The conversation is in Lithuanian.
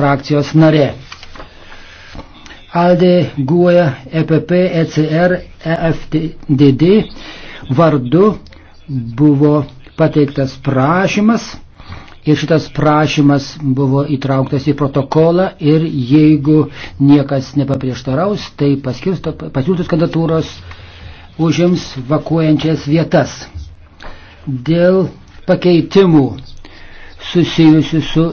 frakcijos narė. Alde Guoja EPP ECR EFDD vardu buvo pateiktas prašymas ir šitas prašymas buvo įtrauktas į protokolą ir jeigu niekas nepaprieštaraus, tai pasiūlytos kandidatūros užims vakuojančias vietas. Dėl pakeitimų susijusių su